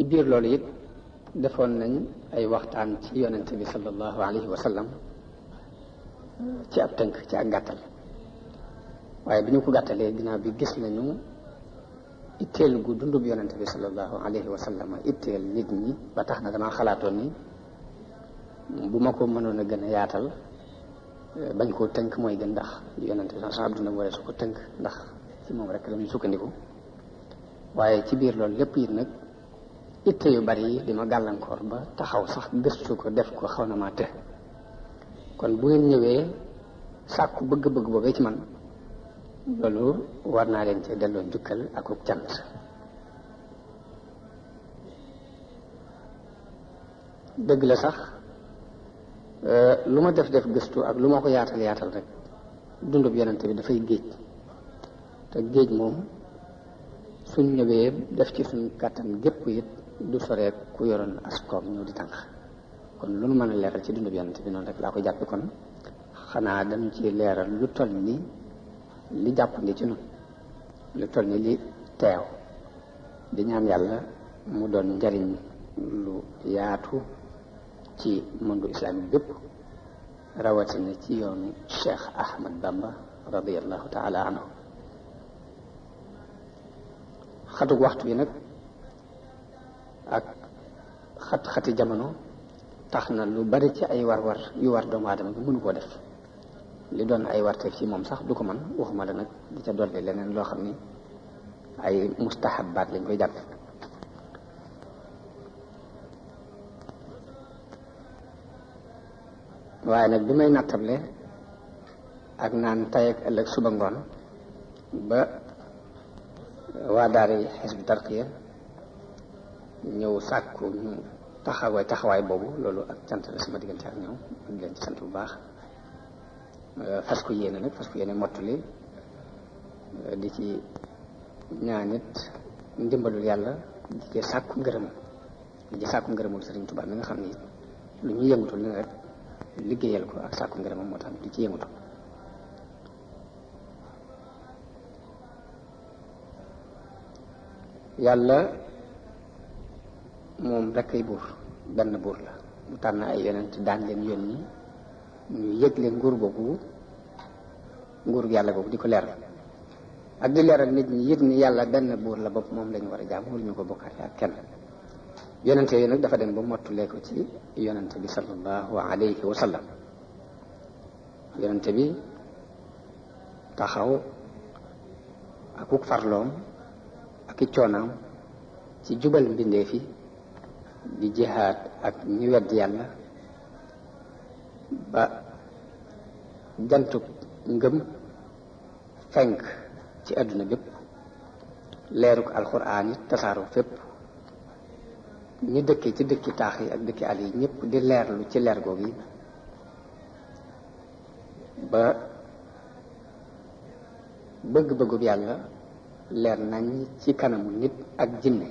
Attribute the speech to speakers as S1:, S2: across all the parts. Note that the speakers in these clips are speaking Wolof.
S1: ci biir loolu it defoon nañ ay waxtaan ci yonent bi sallallahu alayhi wa sallam ci ab tënk ci ak gàttal waaye bi ñu ko gàttalee ginnaaw bi gis nañu itteel gu dundub yonent bi sallallahu alayhi wa sallam itteel nit ñi ba tax na damaa xalaatoon ni bu ma ko mënoon a gën a yaatal eh, bañ koo tënk mooy gën ndax yonent bi sax dundam wala su ko tënk ndax ci moom rek la ñu sukkandiku waaye ci biir loolu lépp it nag itte yu bari yi di ma gàllankoor ba taxaw sax gëstu ko def ko xaw na maa të kon bu ñëwee sàkku bëgg-bëgg boobee ci man loolu war naa leen ci delloo njukkal ak cant dëgg la sax euh, lu ma def def gëstu ak lu ma ko yaatal yaatal rek dundub yonente bi dafay géej te géej moom suñ ñëwee def ci suñ kàttan gépp it lu soree ku yoroon askoom ñëw di tànk kon lu nu mën a leeral ci dundu yonent bi noonu rek laa ko jàppe kon xanaa dañu ci leeral lu toll ni li jàppandi ci noonu lu toll ni li teew di ñaan yàlla mu doon njariñ lu yaatu ci mundu islamique bépp rawatina ci yoonu Cheikh Ahmad Bamba radiallahu taala anhu xatug waxtu bi nag ak xat-xati jamono tax na lu bari ci ay war-war yu war doomu aadama bi mënu koo def li doon ay warteef ci moom sax du ko mën waxuma la nag di ca dolli leneen loo xam ni ay mustahabaat lañ koy jàpp waaye nag bi may nattable ak naan tay ak ëllëg suba ngoon ba waa daara yi xisbu tarqiya ñëw sàkku ñu taxawaay taxawaay boobu loolu ak cant la sama diggante ak ñoom leen ci sant bu baax euh, fas ko yéene nag fas ko yéene mottali euh, di ci ñaa nit ndimbalul yàlla di ci sàkku ngërëm di ci sàkku ngërëmul Sëriñ Tuubaa mi nga xam ni lu ñu yëngutul ne rek liggéeyal ko ak sàkku ngërëmam moo tax di ci yëngutu yàlla moom rek ay buur benn buur la mu tànn ay yonent daan leen yónni ñu yëgle nguur boobu nguur yàlla ko di ko leeral ak di leeral nit ñi yëg ni yàlla benn buur la bopp moom lañu war a jaam waruñu ko bokkaale ak kenn yonente yooyu nag dafa dem ba mottulee ko ci yonente bi sallallahu alayhi wa sallam bi taxaw akuk farloom ak i coonaam ci jubal mbindeef yi di jihaad ak ñi wedd yàlla ba jantub ngëm fenk ci àdduna bépp leeruk alxuraan yi tasaaroo fépp ñi dëkki ci dëkki taax yi ak dëkki àll yi ñëpp di leerlu ci leer googu ba bëgg-bëggub yàlla leer nañ ci kanamu nit ak jinne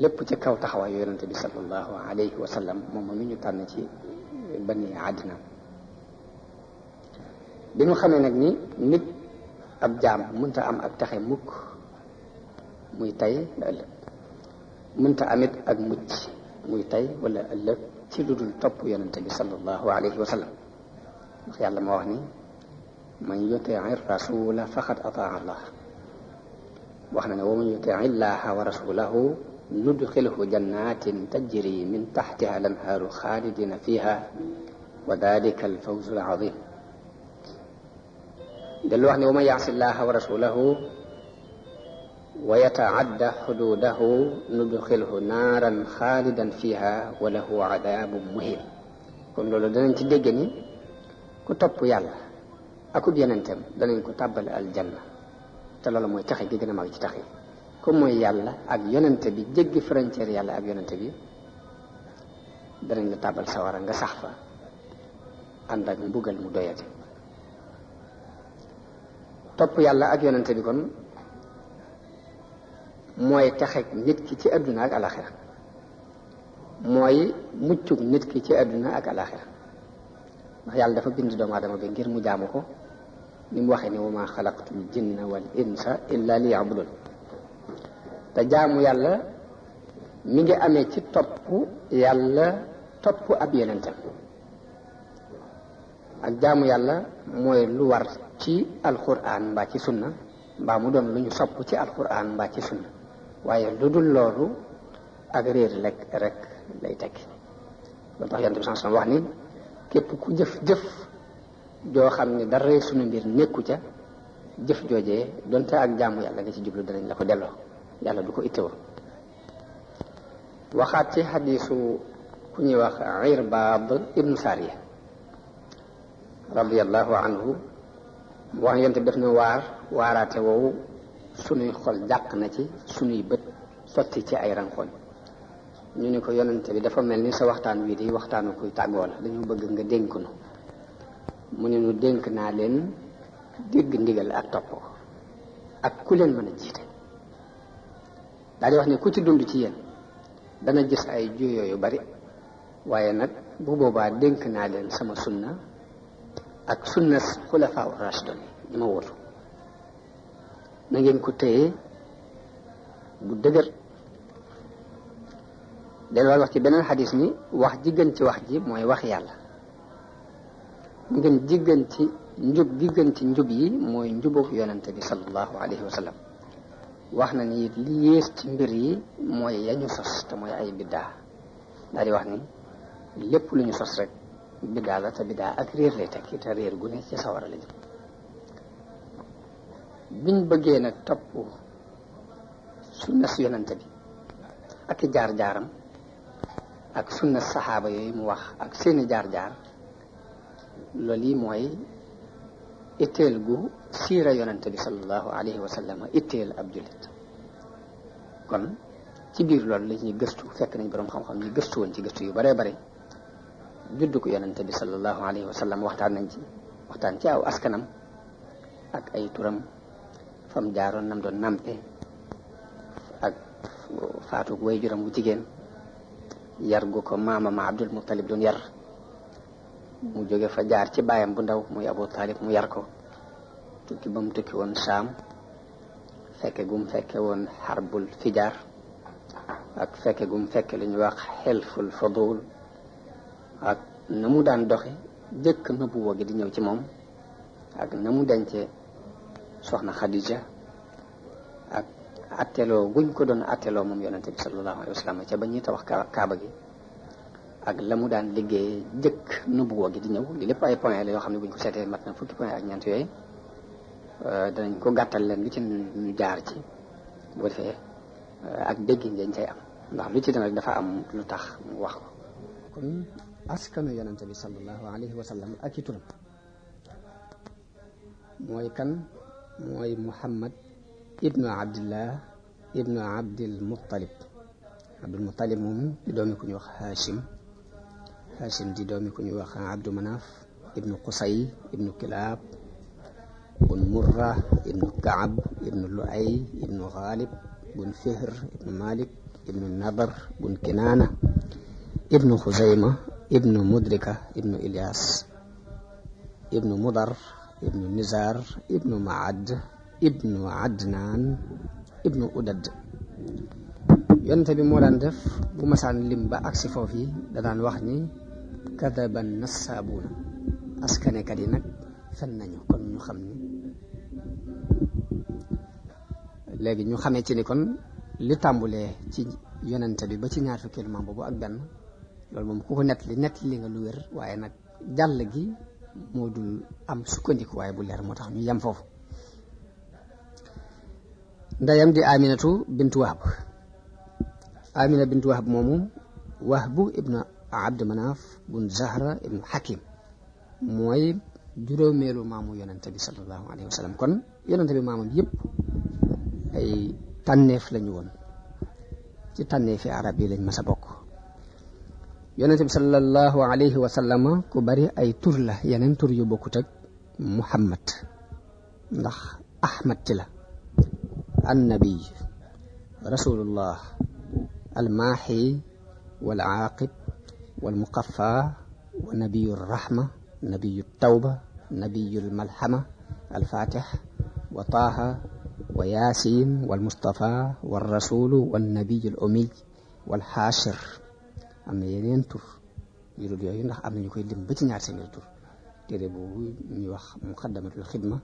S1: lépp ci kaw taxawaayu yonent bi sallallahu alayhi wa sallam moom mi ñu tànn ci bani àddina bi ñu xamee nag ni nit ab jaam mënta am ak taxe mukk muy tay ba ëllëg mënta amit ak muc muy tay wala ëllëg ci lu dul topp yonent bi sallallahu alayhi wa sallam moo wax ni man allah wax na ne wa man yutii illaha yudxilhu jannatin tajri min taxtiha al anhaaru xaalidina fiha wa dalika al fawzu al azim dellu wax ne wa man yaasi llaha wa rasulahu wa yataadda xududahu nudxilhu naaran xaalidan fiha wa lahu adaabun muhin kon loolu danañ ci dégg ni ku topp yàlla akub yenentem danañ ko tàbbal aljanna te loolu mooy taxe gi gën a mag ci taxe ku mooy yàlla ak yonente bi jéggi frontière yàlla ak yonente bi danañ la tàbbal a nga sax fa ànd ak mbugal mu doyati topp yàlla ak yonente bi kon mooy texeg nit ki ci àdduna ak alaxira mooy muccug nit ki ci àdduna ak alaxira yàlla dafa bind doomu aadama bi ngir mu jaamu ko ni mu waxee ni wa ma xalaqtul jinna wal insa illa li yabudun te jaamu yàlla mi ngi amee ci topp yàlla topp ab yenentam ak jaamu yàlla mooy lu war ci alquran mbaa ci sunna mbaa mu doon lu ñu sopp ci alquran mbaa ci sunna waaye lu dul loolu ak réer lekk rek lay tekki loolu tax yonent bi sallallahu alayhi wax ni képp ku jëf-jëf joo xam ne dara sunu mbir nekku ca jëf joojee donte ak jaamu yàlla nga ci jublu danañ la ko delloo yàlla du ko ittewoo waxaat ci xadiisu ku ñuy wax Irbaad ibnu Saariya radiallahu anhu mu wax yonte def na waar waaraate woowu sunuy xol jàq na ci sunuy bët sotti ci ay rankoñ ñu ni ko yonente bi dafa mel ni sa waxtaan wii di waxtaanu kuy tàggoo la dañu bëgg nga dénk nu mu ne nu dénk naa leen dégg ndigal ak topp ak ku leen mën a jiite daal wax ni ku ci dund ci yéen dana gis ay juyoo yu bari waaye nag bu boobaa dénk naa leen sama sunna ak sunna xulafaa rashidun ñi ma wóotu na ngeen ko téye bu dëgër delluwaat wax ci beneen xadis ni wax ji gën ci wax ji mooy wax yàlla ngeen ji gën ci njub gi gën ci njub yi mooy njubug yonente bi sallallahu alayhi wa sallam wax na ni it li yées ci mbir yi mooy yañu sos te mooy ay biddaa daal di wax ni lépp lu ñu sos rek biddaa la te biddaa ak réer lay tekki réer gu ci sawara la jëm biñ bëggee nag topp su si yonante bi ak i jaar-jaaram ak sunna saxaaba yooyu mu wax ak seeni jaar-jaar loolu yi mooy itteel gu siira yonente bi sallallahu alayhi wa sallam ab jullit kon ci biir loolu lañuy gëstu fekk nañ boroom xam-xam ñu gëstu woon ci gëstu yu baree bare juddu ko yonente bi sallallahu alayhi wa sallam waxtaan nañ ci waxtaan ci aw askanam ak ay turam fam jaaroon nam doon nampe ak faatu way juram wu jigéen yar gu ko maamama Abdul Muttalib doon yar mu jóge fa jaar ci baayam bu ndaw muy Abu Talib mu yar ko tukki ba mu tukki woon Saam fekke gum fekke woon xarbul fijaar ak fekke gum fekke lu ñuy wax xelful fadul ak na mu daan doxe jëkk nëbbuwoo gi di ñëw ci moom ak na mu dence soxna Xadija ak gu guñ ko doon atteloo moom yonente bi sallallahu alayhi wa sallam ca ba ñuy tabax kaaba gi ak la mu daan liggéey jëkk nubuwa gi di ñëw li lépp ay point la yoo xam ne bu ñu ko seetee mat na fukki point ak ñeent yooyu euh, danañ ko gàttal leen lu ci ñu jaar ci bu defee euh, ak dégg ngeen cay am ndax lu ci dana dafa am lu tax mu wax ko kon askanu yonente bi sallallahu alayhi wa ak ci turam mooy kan mooy muhammad ibnu abdillah ibnu abdil muttalib abdul muttalib moom di doomi ku ñu wax haashim Hashim di doomi ku ñuy wax Abdu Manaf ibnu Qusay ibnu Kilaab bun Murra ibnu Kaab ibnu Luay ibnu Xaalib bun Fihr ibnu Malik ibnu Nadar bun Kinaana ibnu Xuzayma ibnu Mudrika ibnu Ilyas ibnu Mudar ibnu Nizar ibnu Maad ibnu Adnaan ibnu Udad yonte bi moo daan def bu masaan lim ba agsi foofu yi da daan wax ni ba kadaba nasaabuuna askanekat yi nag fen nañu kon ñu xam ni léegi ñu xamee ci ni kon li tàmbulee ci yonente bi ba ci ñaar fukki maam boobu ak benn loolu moom ku ko nett li nett li nga lu wér waaye nag jàll gi moo du am sukkandiku waaye bu leer moo tax ñu yem foofu ndeyam di aminatu bintu wahb amina bintu wahb moomu wahbu ibna abd manaaf bun zahra ibn hakim mooy juróomeelu maamu yonente bi sallallahu alayhi wa sallam kon yonente bi maamam ay tànneef lañu woon ci tànneefi arab yi lañ mas a bokk yonente bi sallallahu alayhi wa sallama ku bari ay tur la yeneen tur yu bokkut ak muhammad ndax ahmad ci la annabi rasulullah almaaxi wal aaqib wal muqaffa wa nabiyu rahma nabiyu tawba nabiyu malhama alfatih wa taaha wa yaasin wal mustafa wal rasulu wal nabiyu al umiy wal xaashir am na yeneen tur yu dul yooyu ndax am na ñu koy lim ba ci ñaar seen tur téere boobu ñuy wax muqaddamatul xidma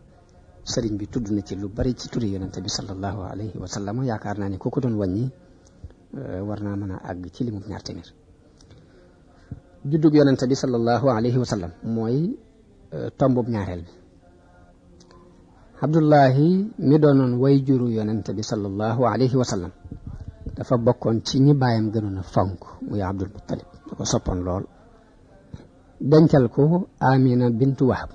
S1: sëriñ bi tudd na ci lu bari ci turi yonente bi sallallahu alayhi wa sallam yaakaar naa ne ku ko doon wàññi euh, war naa mën a àgg ci limu ñaar téeméer juddug yonente bi sallallahu alayhi wa sallam mooy euh, tombub ñaareel bi Abdullahi mi doonoon way juru yonente bi sallallahu alayhi wa sallam dafa bokkoon ci ñi baayam gënoon a fonk muy Abdul Muttalib da ko soppoon lool dencal ko Amina bintu Wahab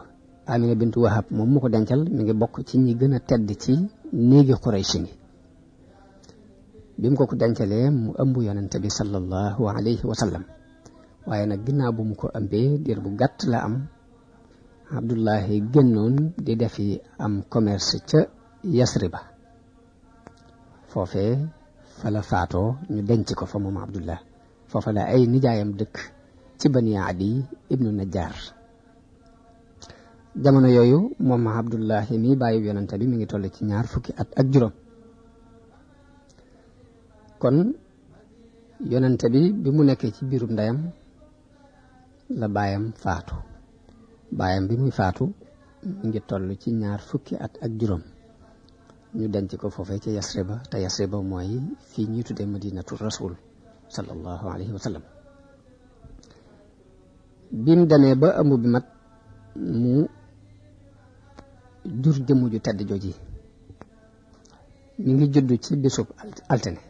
S1: Amina bintu Wahab moom mu ko dencal mi ngi bokk ci ñi gën a tedd ci néegi Qurayshi ni bi ko ko dencalee mu ëmb yonente bi sallallahu alayhi wa sallam waaye nag ginnaaw bu mu ko ëmbee diir bu gàtt la am Abdullahi génnoon di defi am commerce ca Yasriba foofee fa la faatoo ñu denc ko fa moom Abdullah foofa la ay nijaayam dëkk ci Bani Adi ibnu Najjar jamono yooyu moom Abdullahi mi bàyyi yonante bi mi ngi toll ci ñaar fukki at ak juróom kon yonante bi bi mu nekkee ci biirum ndeyam la baayam faatu baayam bi muy faatu mu ngi toll ci ñaar fukki at ak juróom ñu denc ko foofee ca Yasriba te Yasriba mooy fii ñuy tuddee madinatu rasul sallallahu alayhi wa sallam bim demee ba ëmb bi mat mu jur jëmm ju tedd jooji mi ngi judd ci bisub altine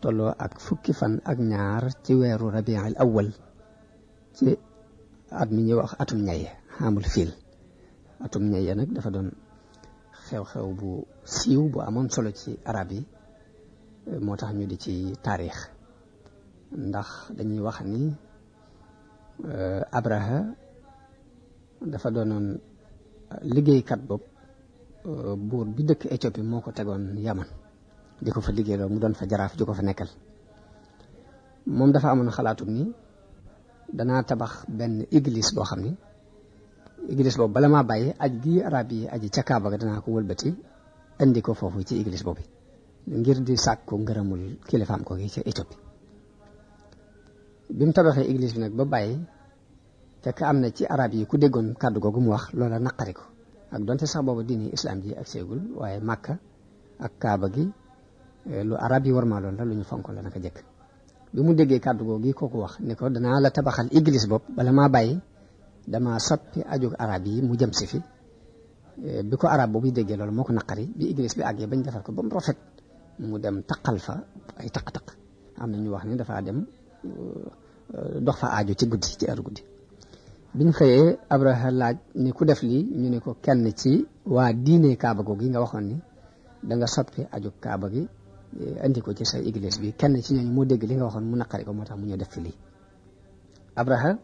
S1: tolloo ak fukki fan ak ñaar ci weeru rabi'al awwal ci at mi ñuy wax atum ñaye amul fiil atum ñaye nag dafa doon xew-xew bu siiw bu amoon solo ci arab yi moo tax ñu di ci taarix ndax dañuy wax ni abraha dafa doonoon liggéeykat bopp buur bi dëkk Éthiopie moo ko tegoon yaman di ko fa liggéey loo mu doon fa jaraaf di ko fa nekkal moom dafa amoon xalaatu ni danaa tabax benn église boo xam ni église boobu bala maa bàyyi aj gi arab yi aji ca Kaaba ga danaa ko wëlbati indi ko foofu ci église boobu ngir di sàkku ngërëmul kilifaam ko gi ca Éthiopie bi mu tabaxee église bi nag ba bàyyi fekk am na ci arab yi ku déggoon kàddu googu mu wax loola naqari ko ak donte sax boobu diini islam ji ak seegul waaye Makka ak Kaaba gi eh, lu arab yi war maa loon la lu ñu fonk la naka jëkk bi mu déggee kàddu googu yi ko wax ni ko danaa la tabaxal église bopp bala maa bàyyi dama soppi ajug arab yi mu jëm si fi eh, bi ko arab boobu déggee loolu moo ko naqari bi église bi àggee bañ defar ko ba mu rafet mu dem taqal fa ay taq-taq am na ñu wax ni dafaa dem eh, dox fa aajo ci guddi ci heure guddi biñ xëyee Abraha laaj ni ku def lii ñu ne ko kenn ci waa diine kaaba gi nga waxoon ni da nga soppi aju kaaba gi andi eh, ko ci sa église bi kenn ci ñooñu moo dégg li nga waxoon mu naqari ko moo tax mu ñëw def fi lii Abraha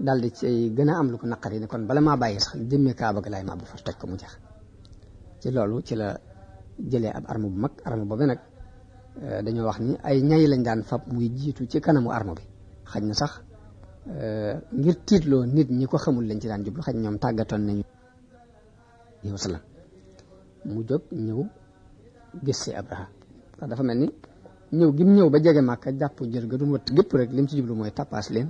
S1: daal di ci gën a am lu ko naqari ni kon bala maa bàyyi sax jëmmee Kaaba ga laay maa bu fa toj ko mu jeex ci loolu ci la jëlee ab arme bu mag arme boobu nag eh, dañoo wax ni ay ñay lañ daan fab muy jiitu ci kanamu armo bi xaj na sax eh, ngir tiitloo nit ñi ko xamul lañ ci daan jublu xaj ñoom tàggatoon nañu yow salaam mu jóg ñëw gis ci Abraha ndax dafa mel ni ñëw gim ñëw ba jege màkka jàpp jër ga du wëtt gépp rek lim ci jublu mooy tappaas leen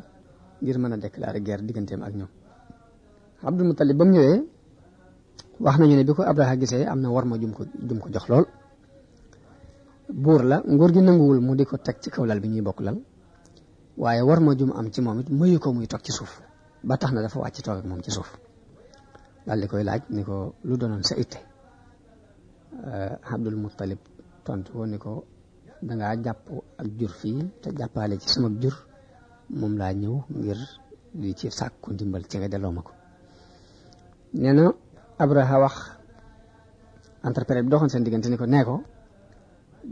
S1: ngir mën a dekk déclarer guerre digganteem ak ñoom Abdul Muttalib ba mu ñëwee wax nañu ne bi ko Abraha gisee am na war ma jum ko jum ko jox lool buur la nguur gi nanguwul mu di ko teg ci kaw lal bi ñuy bokk lal waaye war ma jum am ci moom it mayu ko muy toog ci suuf ba tax na dafa wàcc toog ak moom ci suuf daal di koy laaj ni ko lu donoon sa itte Abdul Muttalib tontu woon ni ko dangaa jàpp ak jur fii te jàppaale ci sama jur moom laa ñëw ngir li ci sàkku ndimbal ci nga delloo ma ko nee na Abraha wax entrepreneur bi doxoon seen diggante ni ko nee ko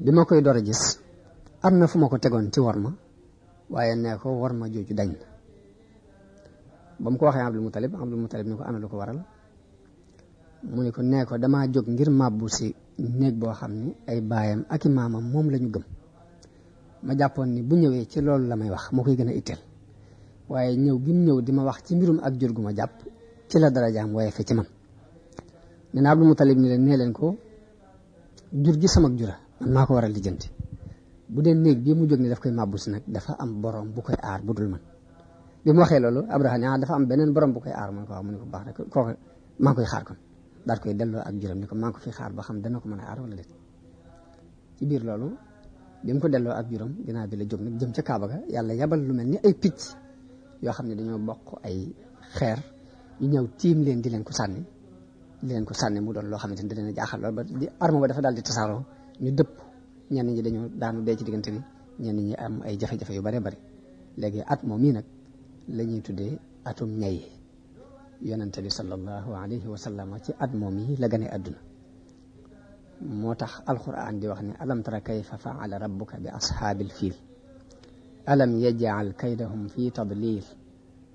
S1: bi ma koy door a gis am na fu ma ko tegoon ci war ma waaye nee ko war ma jooju dañ na ba mu ko waxee Abdul Mutalib Abdul Mutalib ni ko ana lu ko waral mu ne ko nee ko damaa jóg ngir màbbu si néeg boo xam ni ay baayam ak i maamam moom la ñu gëm ma jàppoon ni bu ñëwee ci loolu la may wax moo koy gën a itteel waaye ñëw gi ñëw di ma wax ci mbirum ak jur gu ma jàpp ci la darajaam waaye fe ci man nee na Abdul Mutalib nee leen ko jur gi sama jura man maa ko war a lijjanti bu dee néeg bii mu jóg ni daf koy màbbu si nag dafa am borom bu koy aar bu dul man bi mu waxee loolu Abraha ah, dafa am beneen borom bu koy aar mu ne ko waaw mu ne ko baax rek kooku koy xaar daal koy delloo ak juróom ni ko maa ngi ko fi xaar ba xam dana ko mën a aar wala déet ci biir loolu bi ko delloo ak juróom ginnaaw bi la jóg nag jëm ca Kaaba ga yàlla yabal lu mel ni ay picc yoo xam ne dañoo bokk ay xeer ñu ñëw tiim leen di leen ko sànni di leen ko sànni mu doon loo xamante ni da leen a jaaxal lool ba di arme ba daal di tasaaroo ñu dëpp ñenn ñi dañoo daanu dee ci diggante bi ñenn ñi am ay jafe-jafe yu bare bari léegi at moom mii nag la ñuy tuddee atum ñay yonente bi sallallahu alayhi wa sallam ci at moom yi la gane àdduna moo tax alquran di wax ne alam tara kayfa faala rabbuka bi ashaabil fiil alam yajcal kaydahum fi tadlil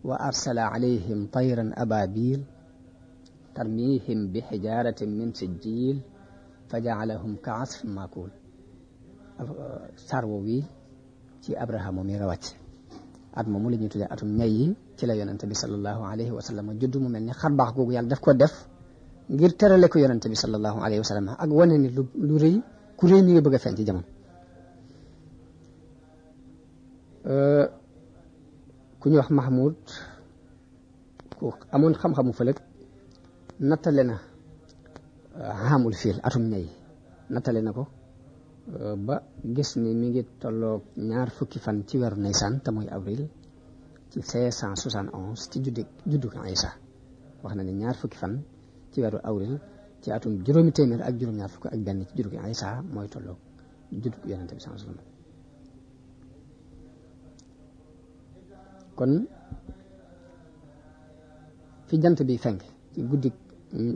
S1: wa arsala alayhim tayran ababil tarmihim bi xijaratin min sijjil fa jacalahum ka asfin maakul sarwo wi ci abrahama mi rawat at moomu la ñuy tuddee atum ñay yi ci la yonente bi sallallahu alayhi wa sallam judd mu mel ni xarbaax googu yàlla daf ko def ngir terale ko yonente bi sallallahu alayhi wa ak wane ni lu lu rëy ku rëy mi ngi bëgg a feeñ ci jamono ku ñuy wax Mahmoud ku amoon xam-xamu fëlëg nattale na xaamul fiil atum ñay nattale na ko ba gis ni mi ngi tolloog ñaar fukki fan ci weeru Nisan te muy avril ci 571 ci juddu juddug Isa wax na ne ñaar fukki fan ci weeru avril ci atum juróomi téeméer ak juróom-ñaar fukk ak benn ci ay saa mooy tolloog juddug yonente bi sallallahu alayhi wasallam kon fi jant bi fenk ci guddi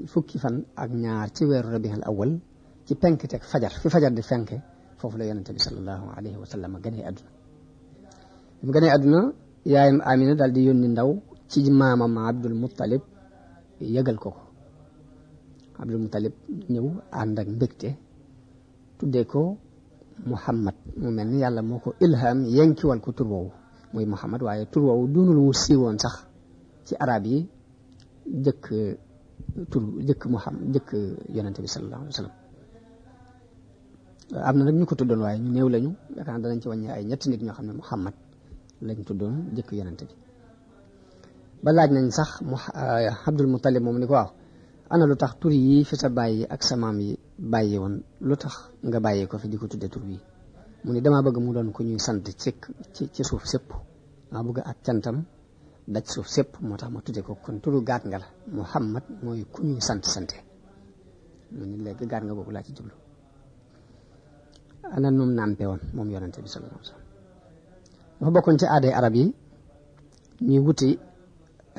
S1: fukki fan ak ñaar ci weeru Rabiul Awwal ci penk teg fajar fi fajar di fenke foofu la yonente bi sallallahu alayhi wa sallam gënee àdduna mu gënee àdduna Amina daal di yónni ndaw ci maamam Abdul Muttalib yëgal ko ko Abdul Muttalib ñëw ànd ak mbégte tuddee ko Muhammad mu mel ni yàlla moo ko ilham yenkiwal ko tur woowu muy Muhammad waaye tur woowu doonul wu siiwoon sax ci arab yi jëkk tur jëkk Muhammad jëkk yonente bi sallallahu alayhi wa sallam am na nag ñu ko tuddoon waaye ñu néew lañu yaakaar danañ ci wàññi ay ñetti nit ñoo xam ne Muhammad lañ tuddoon jëkk yonent bi ba laaj nañ sax mu euh, Abdul Muttalib moom ni ko waaw ana lu tax tur yi fi sa bàyyi ak sa maam yi bàyyi woon lu tax nga bàyyi ko fi di ko tuddee tur bi mu ni damaa bëgg mu doon ku ñuy sant ci ci ci suuf sëpp bëgg ak cantam daj suuf sëpp moo tax ma tudde ko kon turu gaat nga la Muhammad mooy ku sant sante mu ni léegi gaat nga boobu laa ci jublu ana num nàmpe woon moom yonente bi sallallahu alayhi wasallam dafa bokkoon ci aaday arab yi ñuy wuti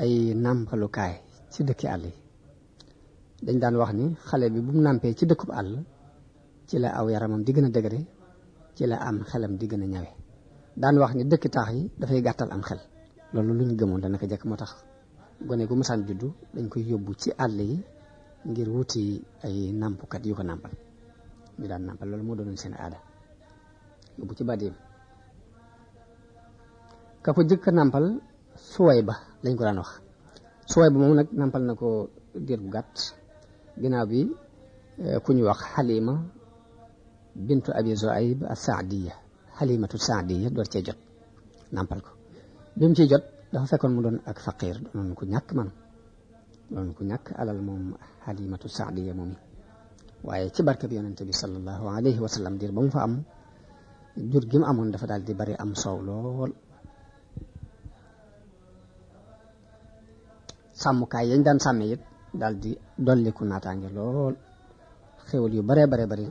S1: ay nàmpalukaay ci dëkki àll yi dañ daan wax ni xale bi bu mu nàmpee ci dëkkub àll ci la aw yaramam di gën a dëgëre ci la am xelam di gën a ñawe daan wax ni dëkki taax yi dafay gàttal am xel loolu lu ñu gëmoon danaka jekk moo tax gone gu masaan juddu dañ koy yóbbu ci àll yi ngir wuti ay nàmpukat yu ko nàmpal ñu daan nàmpal loolu moo doonoon seen aada yóbbu ci bàddeem ka ko jëkk nàmpal suway ba lañ ko daan wax suway ba moom nag nàmpal na ko diir bu gàtt ginnaaw bi eh, ku ñu wax xalima bintu abi zoaib as-saadiya xalimatu saadiya door cee jot nàmpal ko bi mu jot dafa fekkoon mu doon ak faqiir doonoon ku ñàkk man doon ku ñàkk alal moom xalimatu saadiya moom yi waaye ci barke bi yonente bi sallallahu alayhi wa sallam diir ba mu fa am jur gi mu amoon dafa daal di bari am soow lool sàmmkaay yañ daan sàmme it daal di dolliku naataange lool xéwal yu baree bare bari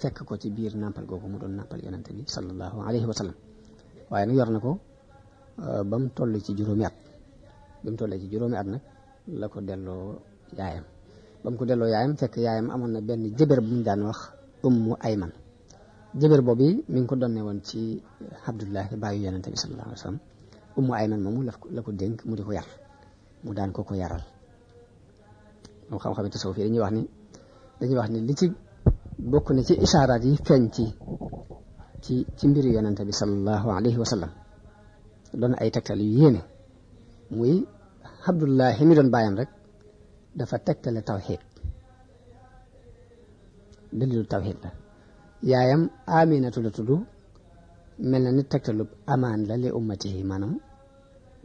S1: fekk ko ci biir nàmpal googu mu doon nàmpal yonente bi sallallahu alayhi wa sallam waaye nag yor na ko euh, ba mu ci juróomi at bi mu ci juróomi at nag la ko delloo yaayam ba ku ko delloo yaayam fekk yaayam amoon na benn jëbër bu ñu daan wax ummu ayman jëbër boobu mi ngi ko donne woon ci Abdullahi bàyyi yonente bi sallallahu alayhi wa sallam ummu ayman moomu la ko la dénk mu di ko yar mu daan ko ko yaral moom xam-xam it tasawuf wax ni dañuy wax ni li ci bokk na ci isaaraat yi feeñ ci ci ci mbiru yonente bi sallallahu alayhi wa sallam doon ay tegtal yu yéene muy Abdullahi mi doon bàyyam rek. dafa tegtale tawxiid dalilu tawxiid la yaayam aminatu la tudd mel na ni tegtalu amaan la li ummatihi maanaam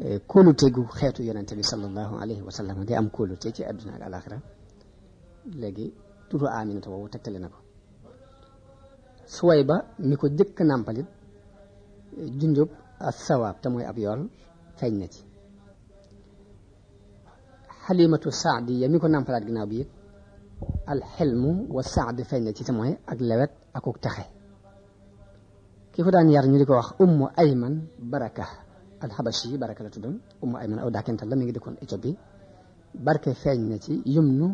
S1: eh, kóoluteegu xeetu yonente bi sallallahu alayhi wa sallam di am kóolute ci àdduna ak alaxira léegi tudd aminatu boobu tegtale na ko suway ba mi ko jëkk nàmpalit eh, junjub as sawaab te ab yool feeñ na ci xalimatu saadiya mi ko nàmpalaat ginnaaw bi it alxilmu wa saadi feeñ ci te mooy ak lewet akuk taxe ki ko daan yar ñu di ko wax ummu ayman baraka alxabashi baraka la tuddoon ummu ayman aw daakental la mi ngi dëkkoon Éthiopie barke feeñ ci yumnu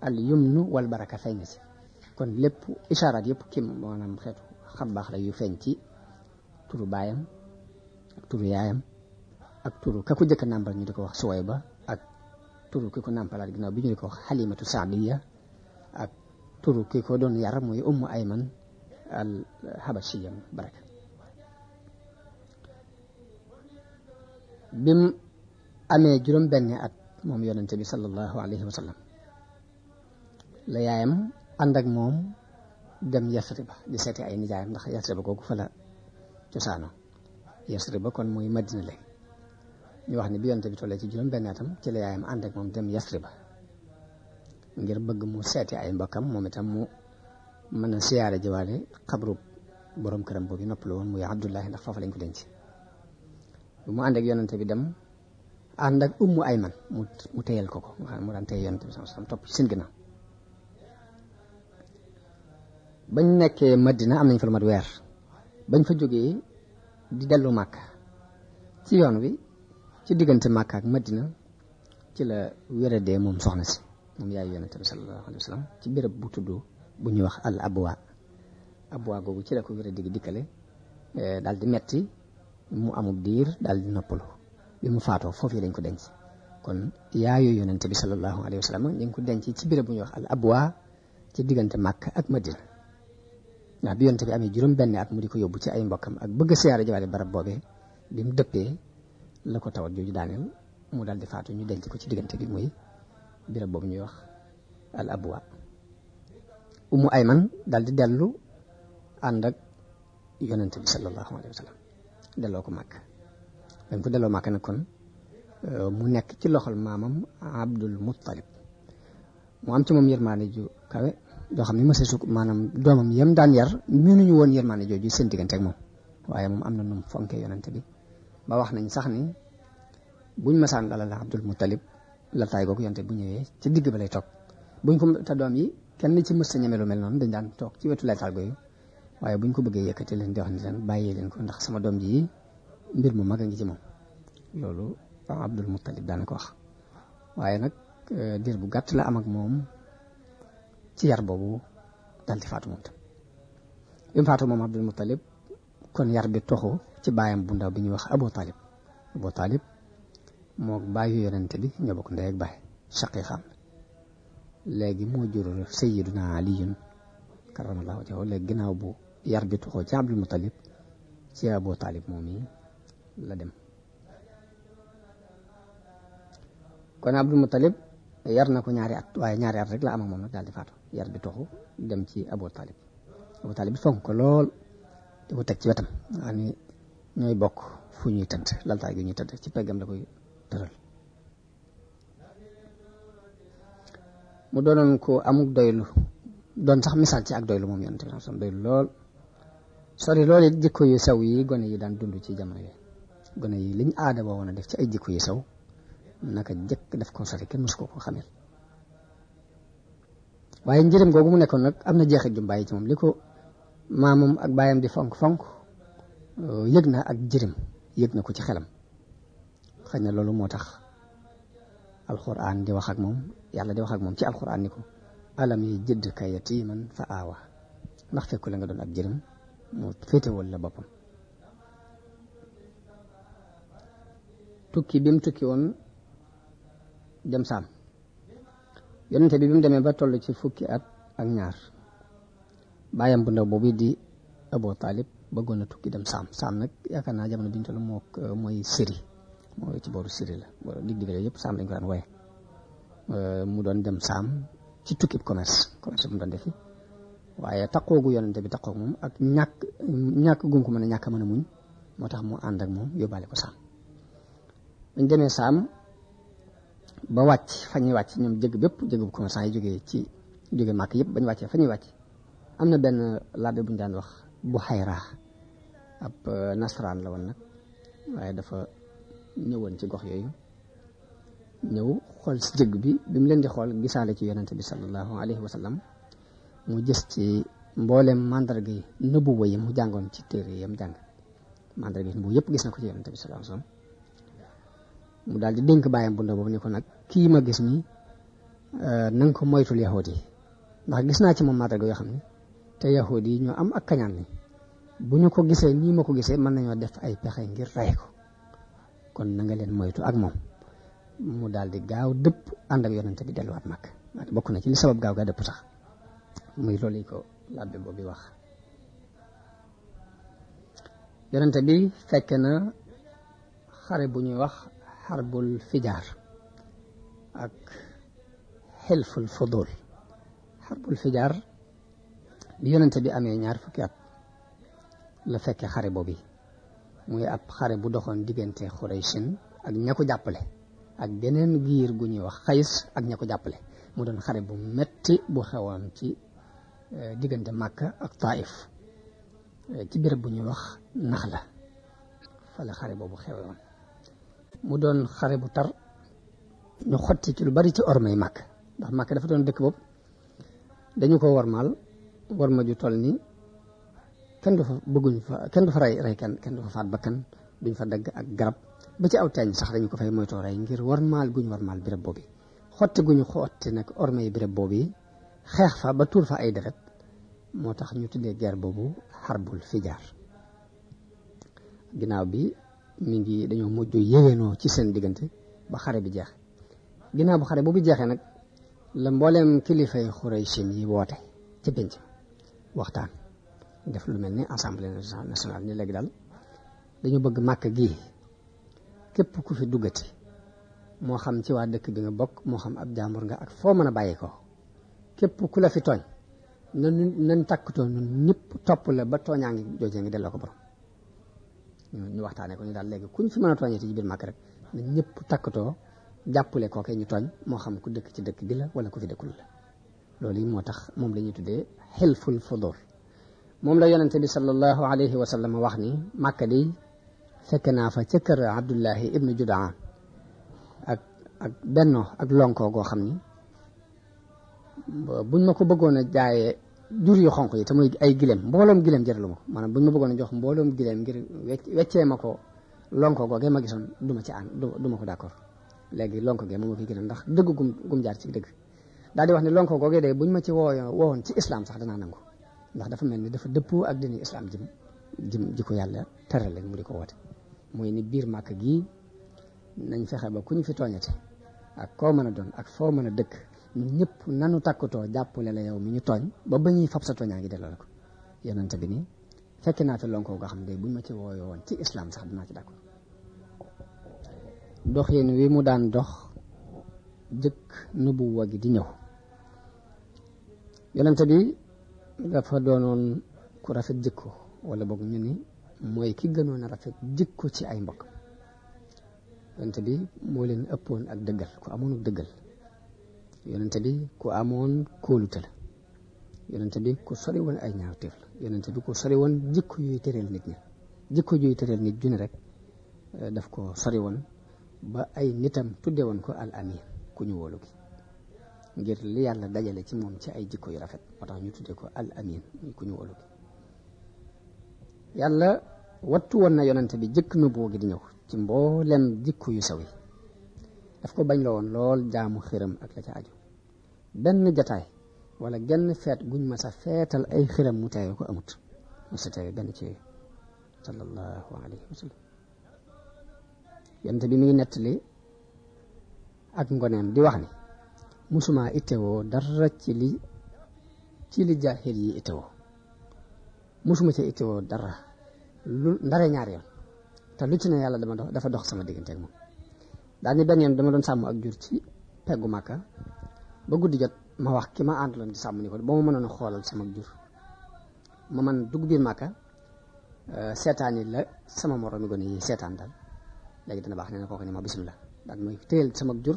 S1: al yumnu wal baraka feeñ na ci kon lépp ishaaraat yëpp kim maanaam xeetu xam baax la yu feeñ ci turu baayam ak turu yaayam ak turu ka ku jëkk nàmpal ñu di ko wax suway ba turu ki ko nàmpalaat ginnaaw bi ñu ko xalimatu saadiya ak turu ko doon yar muy ummu ayman al habashiya baraka bim amee juróom benni at moom yonente bi sallallahu alayhi wa sallam la yaayam ànd moom dem Yasriba di seeti ay nijaayam ndax Yasriba googu fa la cosaano Yasriba kon muy Madina léegi ñu wax ne bi yonent bi tollee ci juróom benn atam ci la yaayam ànd ak moom dem Yasriba ngir bëgg mu seeti ay mbokkam moom tam mu mën a siyaare jiwaale xabru borom këram boobu noppalu woon mu muy Abdullahi ndax foofu lañ ko denc bu mu ànd dem ànd ak ummu ayman ko ko nga xam ne mu daan téye topp ci seen ginnaaw bañ nekkee Madina am nañ fa lu mat weer bañ fa jógee di dellu Màkka ci yoon wi ci diggante Màkka ak Madina ci la wéradee moom soxna si moom yaay yonente bi sallallahu alayhi wa sallam ci béréb bu tudd bu ñuy wax al abwa abwa googu ci la ko wéradi gi dikkale eh, daal di metti mu amub diir daal di noppalu bi mu faatoo yi lañ ko denc kon yaayu yonente bi sallallahu alayhi wa sallam ñu ngi ko denc ci béréb bu ñuy wax al abwa ci diggante Màkka ak Madina ndax bi yonente bi amee juróom benn at mu di ko yóbbu ci ay mbokkam ak bëgg siyaare jawaari barab boobee bi la ko tawat jooju daaneel mu daal di faatu ñu denc ko ci diggante bi muy birab boobu ñuy wax al abwa umu ayman daal di dellu ànd ak yonent bi sallallahu alayhi wa delloo ko màkk dañ ko delloo màkk nag kon euh, mu nekk ci loxol maamam abdul muttalib mu am ci moom yërmaane ju kawe joo xam ne ma seesu maanaam doomam yem daan yar mënuñu woon yërmaane moom waaye moom am na nu mu fonkee yonent bi ba wax nañ sax ni buñ masaan dalal Abdul Muttalib la taay googu yonte bu ñëwee ci digg ba lay toog buñ ko te doom yi kenn ci mës a ñeme lu mel noonu daan toog ci wetu laytaal waaye buñ ko bëggee yëkkati leen di wax ni leen bàyyee leen ko ndax sama doom ji mbir mu mag a ngi ci moom loolu Abdul Muttalib daana ko wax waaye nag euh, dir bu gàtt la am ak moom ci yar boobu daal di faatu moom tam bi mu faatu moom Abdul Muttalib kon yar bi toxu ci baayam bu ndaw bi wax Abu Talib Abu Talib moo baayu yonent bi ñoo bokk ndey ak baay shaqiqan léegi moo jural Sayyiduna Aliyun karamallahu wajhahu léegi ginnaaw bu yar bi tuxoo ci Abu Talib moom yi la dem kon Abdul Muttalib yar na ko ñaari at waaye ñaari at rek la dem ci Abu Talib Abu Talib fonk ko lool di teg ci wetam ñooy bokk fu ñuy tëdd laltaay gi ñuy tëdd ci peggam la koy tëral mu doonoon ko amuk doylu doon sax misaal ci ak doylu moom yonent bi sam doylu lool sori lool it jikko yu sew yi gone yi daan dund ci jamono yi gone yi liñ aada boo woon def ci ay jikko yu sew naka jëkk def ko sori kenn mosu ko ko xamel waaye njëriñ googu mu nekkoon nag am na jeexit ju bàyyi ci moom li ko maamam ak baayam di fonk-fonk Euh, yëg na ak jërim yëg na ko ci xelam xëy loolu moo tax alxuraan di wax ak moom yàlla di wax ak moom ci alxuraan ni ko alam yi jëdd ka yatiman fa aawa ndax fekku la nga doon ab jërim mu féetewal la boppam tukki bi mu tukki woon dem saam yonente bi bi mu demee ba toll ci fukki at ak ñaar bàyyam bu ndaw boobu di Abu Talib bëggoon na tukki dem saam saam nag yaakaar naa jamono bi ñu toll mook euh, mooy Syrie mooy ci booru Syrie la booru digg yëpp saam lañ ko daan euh, mu doon dem saam ci tukki commerce commerce bu mu doon defi waaye taqoogu yonente bi taqoog moom ak ñàkk ñàkk gum ko ma a ñàkk ma a muñ moo tax mu ànd moom yóbbaale ko saam bañ demee saam ba wàcc fa ñuy wàcc ñoom jëgg bépp jëgg bu commerçant yi ci jógee màkk yëpp bañ wàccee fa ñuy am na benn laabe bu ñu daan wax Buhayra ab euh, nasaraan la woon nag waaye dafa ñëwoon ci gox yooyu ñëw xool si jëgg bi bi mu leen di xool gisaale ci yonente bi sallallahu alayhi wa sallam mu gis ci mboolem mandarga yi nubuwa yi mu jàngoon ci téere yam jàng mandarga yi nubuwa yëpp gis na ko ci yonente bi sallallahu alayhi mu daal di dénk bàyyam bu ndaw boobu ne ko nag kii ma gis nii euh, na nga ko moytul yahood yi ndax gis naa ci moom mandarga yoo xam ne te yahud yi ñoo am ak kañaan lañ bu ñu ko gisee nii ma ko gisee mën nañoo def ay pexe ngir rey ko kon na nga leen moytu ak moom mu daal di gaaw dëpp ànd ak yonente bi delluwaat mag bokk na ci li sabab gaaw gaa dëpp sax muy loolu ko labbe boobu wax yonente bi fekk na xare bu ñuy wax xarbul fijaar ak xilful fudul xarbul fijaar bi yonente bi amee ñaar fukki at la fekke xare boobu muy ab xare bu doxoon diggante Xuraysin ak ña ko jàppale ak geneen giir gu ñuy wax xays ak ña ko jàppale mu doon xare bu metti bu xewoon ci eh, diggante Makka ak Taif eh, ci béréb bu ñuy wax Naxla fa boobu xewoon mu doon xare bu tar ñu xotti ci lu bari ci ormay Makka ndax Makka dafa doon dëkk boobu dañu ko warmaal war ma ju toll nii kenn du fa bëgguñ fa kenn du fa rey rey kenn kenn du fa faat bakkan duñ fa dagg ak garab ba ci aw teeñ sax dañu ko fay moytoo rey ngir warmaal guñ warmaal béréb boobu xotti guñu xotti nag orme yi béréb boobu xeex fa ba tuur fa ay deret moo tax ñu tuddee guerre boobu xarbul fijaar ginaaw bi mi ngi dañoo mujj yéwénoo ci seen diggante ba xare bi jeex ginnaaw bu xare boobu jeexee nag la mbooleem kilifay xuraysin yi woote ci pénc waxtaan def lu mel ni assemblée nationale ni léegi daal dañu bëgg màkk gii képp ku fi duggati moo xam ci waa dëkk bi nga bokk moo xam ab jaambur nga ak foo mën a bàyyi ko képp ku la fi tooñ na nan takkutoo nun ñëpp topp la ba tooñaa ngi joojee ngi delloo ko borom ñu waxtaanee ko ñu daal léegi kuñ fi mën a tooñee ci biir màkk rek na ñëpp takkutoo jàppale kooke ñu tooñ moo xam ku dëkk ci dëkk bi la wala ku fi dëkkul la loolu yi moo tax moom la ñuy tuddee xilful fudur moom la yonente bi sallallahu alayhi wa sallam wax ni màkka di fekk naa fa ca kër Abdullahi ibnu Judaa ak ak benno ak lonko goo xam ni buñ ma ko bëggoon a jaayee jur yu xonq yi te muy ay gilem mbooloom gilem jëralu ma ko maanaam buñ ma bëggoon a jox mbooloom gilem ngir weccee ma ko lonko googee ma gisoon du ma ci ànd du ma ko d'accord léegi lonko gee moom ma koy gënal ndax dëgg gum jaar ci dëgg daal di wax lonko googee day buñ ma ci wooyo woowoon ci islam sax danaa nangu ndax dafa mel ni dafa dëppoo ak dini ji ko yàlla teral leen mu di ko woote mooy ni biir màkk gii nañ fexe ba ku ñu fi tooñate ak koo mën a doon ak foo mën a dëkk ñun ñëpp nanu takkutoo jàppale la yow mi ñu tooñ ba ba ñuy fab sa tooñaa ngi delloo la ko yonente bi nii fekk naa fi lonko nga xam ne buñ ma ci wooyo woon ci islam sax danaa ci d'accord dox yéen wi mu daan dox jëkk nubuwa gi di ñëw yonente bi dafa doonoon ku rafet jikko wala boog ñu ni mooy ki gënoon a rafet jikko ci ay mbokk yonente bi moo leen ëppoon ak dëggal ku amoon ak dëggal yonente bi ku amoon kóolute la yonente bi ku sori woon ay ñaawteef la yonente bi ku sori woon jikko yuy tëreel nit ñi jikko yuy tëreel nit ju rek eh, daf ko sori woon ba ay nitam tudde woon ko al amin ku ñu ngir li yàlla dajale ci moom ci ay jikko yu rafet moo tax ñu tuddee ko al amin muy ku ñu wóolu yàlla wattu woon na yonent bi jëkk nu boo gi di ñëw ci mboolem jikko yu saw yi ko bañ la woon lool jaamu xiram ak la ca benn jataay wala genn feet guñ ma sa feetal ay xiram mu teewe ko amut mu sa teewe benn ci bi muy nettali ak ngoneem di wax ni musumaa ittewoo dara ci li ci li jaaxil yi ittewoo musuma ci ittewoo dara lu ndare ñaar yoon te lu ci ne yàlla dama dox dafa dox sama diggante ak moom daal ni benn yoon dama doon sàmm ak jur ci peggu màkka ba guddi jot ma wax ki ma àndaloon ci sàmm ni ko ba ma mënoon a sama jur ma man dugg biir màkka euh, seetaan yi la sama moromi gone yi seetaan daal léegi dana baax nee na kooku ne ma bisimilah daal mooy téyel sama jur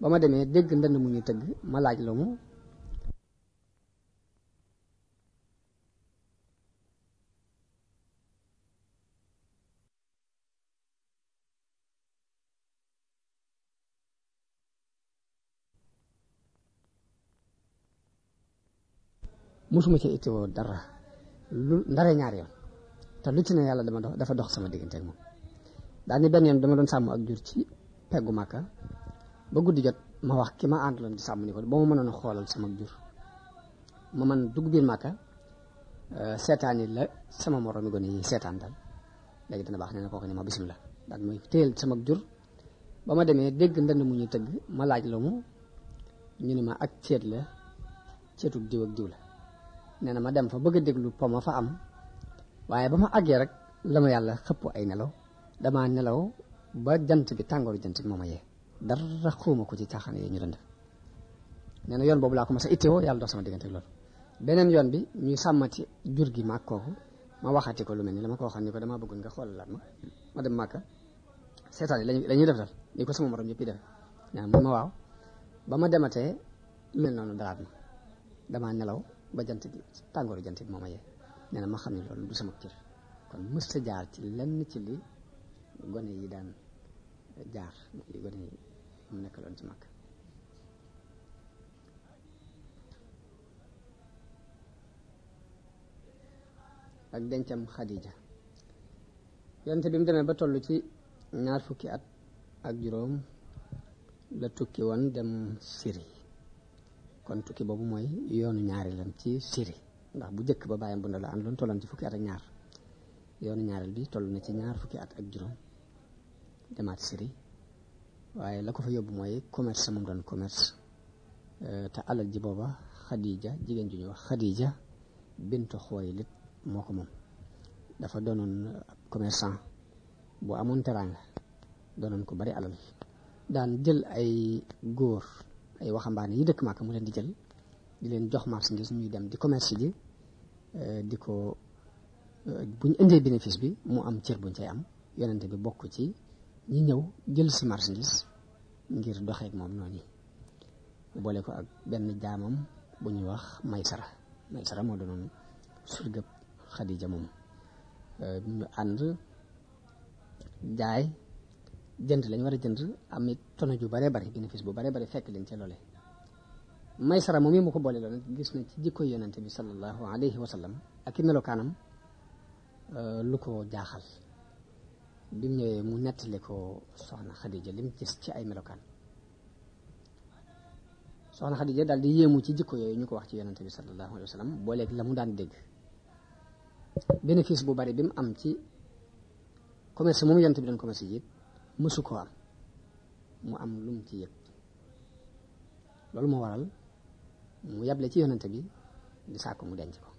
S1: ba ma demee dégg ndënd mu ñu tëgg ma laaj la mu musuma ci ittiwoo dara lu ndare ñaar yoon te lu ci ne yàlla dama dox dafa dox sama diggante ak moom daal ni benn yoon dama doon sàmm ak jur ci peggu màkka ba guddi jot ma wax ki ma àndaloon di sàmm ni ko ba ma mënoon a xoolal sama jur ma man dugg biir màkka euh, seetaan la sama moromi gone yi seetaan dal léegi dana baax ne na kooku sama jur ba ma demee dégg ndënd mu ñu tëgg ma laaj la mu ñu ma ak ceet la ceetu diw ak diw na ma dem fa bëgg a déglu po ma fa am waaye ba ma àggee rek la ma yàlla xëpp ay nelaw damaa nelaw ba jant bi tàngoor jant bi moo ma yee dara xawma ko ci caaxaan yee ñu doon def nee na yoon boobu laa ko mas a ittewoo yàlla dox sama diggante loolu beneen yoon bi ñuy sàmmati jur gi maag kooku ma waxati ko lu mel ni dama ko waxoon ni ko damaa bëggoon nga xoolalaat ma ma dem màkka seetaan la ñuy def dal ko sama morom yëpp yi def nee na ma waaw ba ma dematee lu mel noonu dalaat ma damaa nelaw ba jant bi tàngooru jant bi moo ma yee nee ma xam ne loolu du sama cër kon mës a jaar ci lenn ci li gone yi daan jaar li gone yi mu nekkaloon ci mag ak dencam Xadija yonte bi mu demee ba tollu ci ñaar fukki at ak juróom la tukki woon dem Syrie kon tukki boobu mooy yoonu ñaareelam ci Syrie ndax bu jëkk ba bàyyam bu ndaw la loon tollaan ci fukki at ak ñaar yoonu ñaareel bi tollu na ci ñaar fukki at ak juróom demaat siri waaye la ko fa yóbbu mooy commerce moom doon commerce euh, te alal ji booba xadija jigéen ju ñuy wax xadija bintu Xuwaylid moo ko moom dafa doonoon commerçant bu amoon teraanga doonoon ko bari alal daan jël ay góor ay waxambaane yi dëkk Màkka mu leen di jël di leen jox marchandise ñuy dem di commerce ji euh, di ko euh, buñ indee bénéfice bi mu am cër buñ cay am yonente bi bokk ci ñi ñëw jël si marchandise ngir doxeek moom noonu yi boole ko ak benn jaamam bu ñuy wax Maysara Maysara moo doonoon surgëb Xadija moom euh, ñu ànd jaay jënd lañu war a jënd am it tono ju bare bari bénéfice bu bare bari fekk leen ca loole Maysara moom yi mu ko boole loolu gis na ci jikko yonante bi sallallahu alayhi wa sallam ak i melokaanam euh, lu ko jaaxal bi mu ñëwee mu nettali ko soxna Xadija lim gis ci ay melokaan soxna Xadija daal di yéemu ci jikko yooyu ñu ko wax ci yonante bi sallallahu alayhi wa sallam la mu daan dégg bénéfice bu bari bi mu am ci commerce moom yonante bi doon commerce yi it mësu koo am mu am lu mu ci yëg loolu moo waral mu yable ci yonante bi di sàkku mu denc ko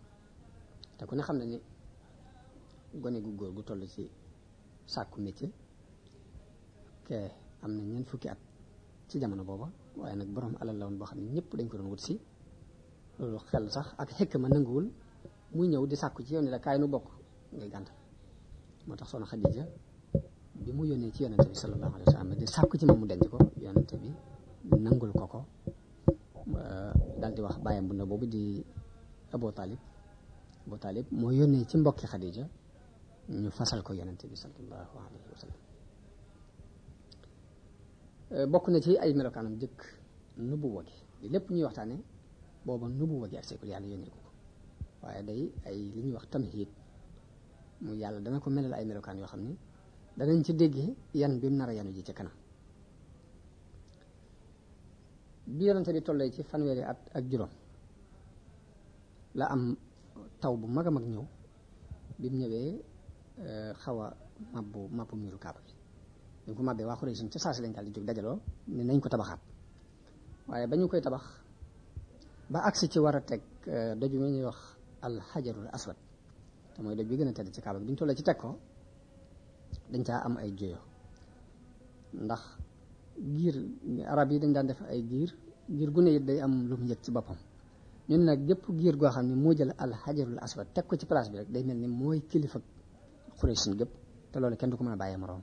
S1: te ku ne xam na ni gone gu góor gu toll ci sàkku métier kee am na ñeent fukki at ci jamono booba waaye nag borom alal la woon boo xam ne ñëpp dañ ko doon wut si loolu xel sax ak xekk ma nanguwul mu ñëw di sàkku ci yow ni la kaay nu bokk ngay gàntal moo tax soxna Xadija bi mu yónnee ci yonente bi sallallahu alayhi wa sallam di sàkku ci moom mu denc ko yonente bi nangul ko ko dal di wax bàyyam bu ndaw boobu di Abu Talib Abu moo yónnee ci mbokki Xadija ñu fasal ko yonente bi sallallahu alayhi wa euh, bokk na ci ay melokaanam jëkk nubuwa gi lépp ñuy waxtaane booba nubuwa gi ak seekul yàlla yónnee ko waaye day ay li ñuy wax tamhiid mu yàlla dana ko melal ay melokaan yoo xam ni danañ ci déggee yan bi nar a yanu ji ci kanam bi yonente bi tollee ci fanweeri at ak juróom la am taw bu mag a mag ñëw bi mu ñëwee Euh, xaw a mabbu mabbu miiru kaaba bi ñu ko mabbee waa Xuraysh ca saasi lañ daal di jóg dajaloo ne nañ ko tabaxaat waaye ba ñu koy tabax ba agsi ci war a teg euh, doj bi ñuy wax alxajarul aswad te mooy doj bi a tedd ci kaaba bi ñu ci teg ko dañ caa am ay jéyo ndax giir arab yi dañ daan def ay giir giir ne it day am lu ci boppam ñun nag gépp giir goo xam moo jël alxajarul aswad teg ko ci place bi rek day mel ni mooy kilifa xureesin gépp te loolu kenn du ko mën a bàyyee moroom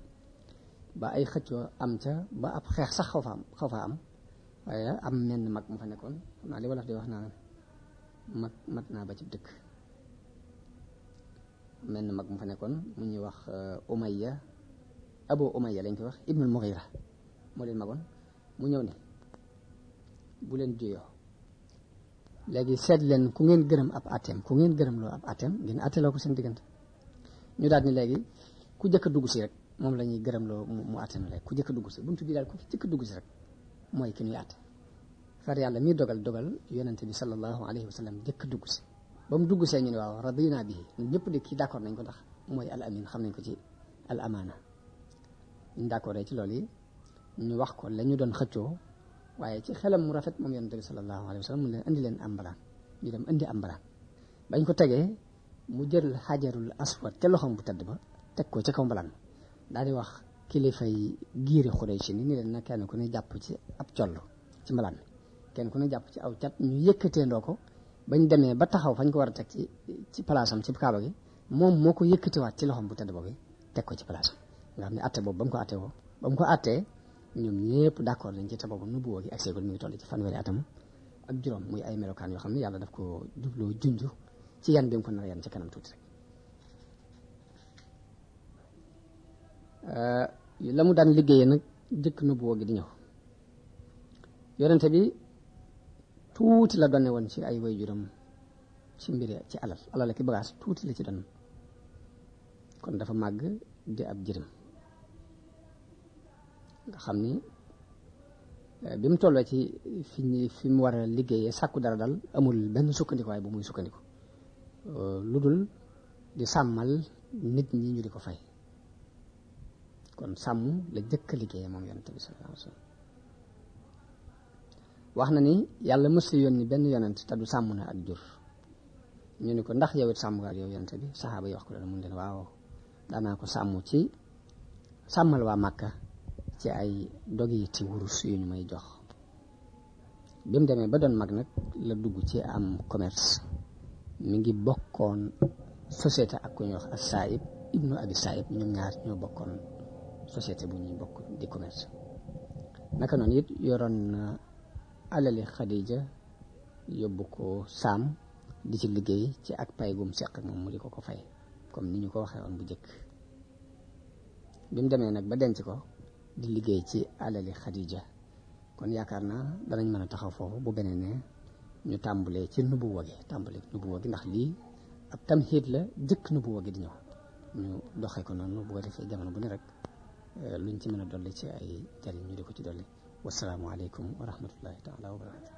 S1: ba ay xëccoo am ca ba ab xeex sax xaw fa am waaye am menn mag mu fa nekkoon xam naa wax naa mag mat naa ba ci dëkk menn mag mu fa nekkoon mu ñuy wax euh, Umayya Abu Umayya lañ koy wax Ibnul Mughira moo leen magoon mu ñëw ne bu leen juyoo léegi seet ku ngeen gërëm ab atem ku ngeen gërëm loo ab atem ngeen atteloo ko seen diggante ñu daal ni léegi ku jëkk a si rek moom la ñuy gërëm loo mu àtte na léegi ku jëkk a dugg si buntu bi daal ku fi jëkk a dugg si rek mooy ki ñuy àtte far yàlla mii dogal dogal yonente bi sallallahu alayhi wa sallam jëkk a dugg si ba mu dugg see ñu ne waaw radina bii ñun ñëpp de kii d'accord nañ ko ndax mooy al amin xam nañ ko ci al amaana ñu d'accord ci loolu yi ñu wax ko la ñu doon xëccoo waaye ci xelam mu rafet moom yonente bi sallallahu alayhi wa sallam mu leen leen ambalaan ñu dem indi ambalaan bañ ko tegee mu jël xajarul aswad te loxoom bu tëdd ba teg ko ca kaw mbalaan daal di wax kilifa yi giiri Xuraysh ni ni leen na kenn ku ne jàpp ci ab coll ci mbalaan kenn ku ne jàpp ci aw cat ñu yëkkateendoo ko bañ demee ba taxaw fañ ko teg ci ci palaasam ci kaaba gi moom moo ko yëkkatiwaat ci loxom bu tëdd boobu teg ko ci palaasam nga xam ne atte boobu ba mu ko atte woo ba mu ko attee ñoom ñëpp d'accord nañ ci te boobu nubuwoo gi ak seegul mi ngi toll ci fanweeri atam ak juróom muy ay melokaan yoo xam ne yàlla daf ko jubloo junju ci yan bi mu ko nar yan ci kanam tuuti rek euh, la mu daan liggéeyee nag jëkk nubuwoo gi di ñëw yonente bi tuuti la donne woon ci ay waajuram ci mbiri ci alal alal ak bagaas tuuti la ci doon kon dafa màgg di ab jërim nga xam ni euh, bi mu tolloo ci fi fi mu war a liggéeyee sàkku dara dal amul benn sukkandikuwaay bu muy sukkandiku Euh, lu dul di sàmmal nit ñi ñu di ko fay kon sàmm la jëkk liggéey moom yonent bi sallallahu alayhi wax na ni yàlla mësta yónni benn yonent te du sàmm na ak jur ñu ni ko ndax yow sàmm nga ak yow yonent bi saxaaba yi wax ko loolu mun leen waaw daanaa ko sàmm ci sàmmal waa Màkka ci ay dog yi ci wurus yu ñu may jox bi mu demee ba doon mag nag la dugg ci am commerce mi ngi bokkoon société ak ku ñuy wax ak saib ibnu abi saib ñoom ñaar ñoo bokkoon société bu ñuy bokk di commerce naka noonu it yoroon na alali xadija yóbbu ko saam di ci liggéey ci ak pay gum seq moom mu di ko ko fay comme ni ñu ko waxee woon bu jëkk bi mu demee nag ba denc ko di liggéey ci alali xadija kon yaakaar naa danañ mën a taxaw foofu bu beneen ñu tàmbalee ci nubu gi tàmbalee ci nubuwa gi ndax lii ab tamxiit la jëkk nubuwa gi di ñëw ñu doxee ko noonu bu ko defee jamono bu ne rek euh, luñ ci mën a dolli ci ay jariñ ñu di ko ci dolli wasalaamualeykum wa rahmatullahi taala wa barakatu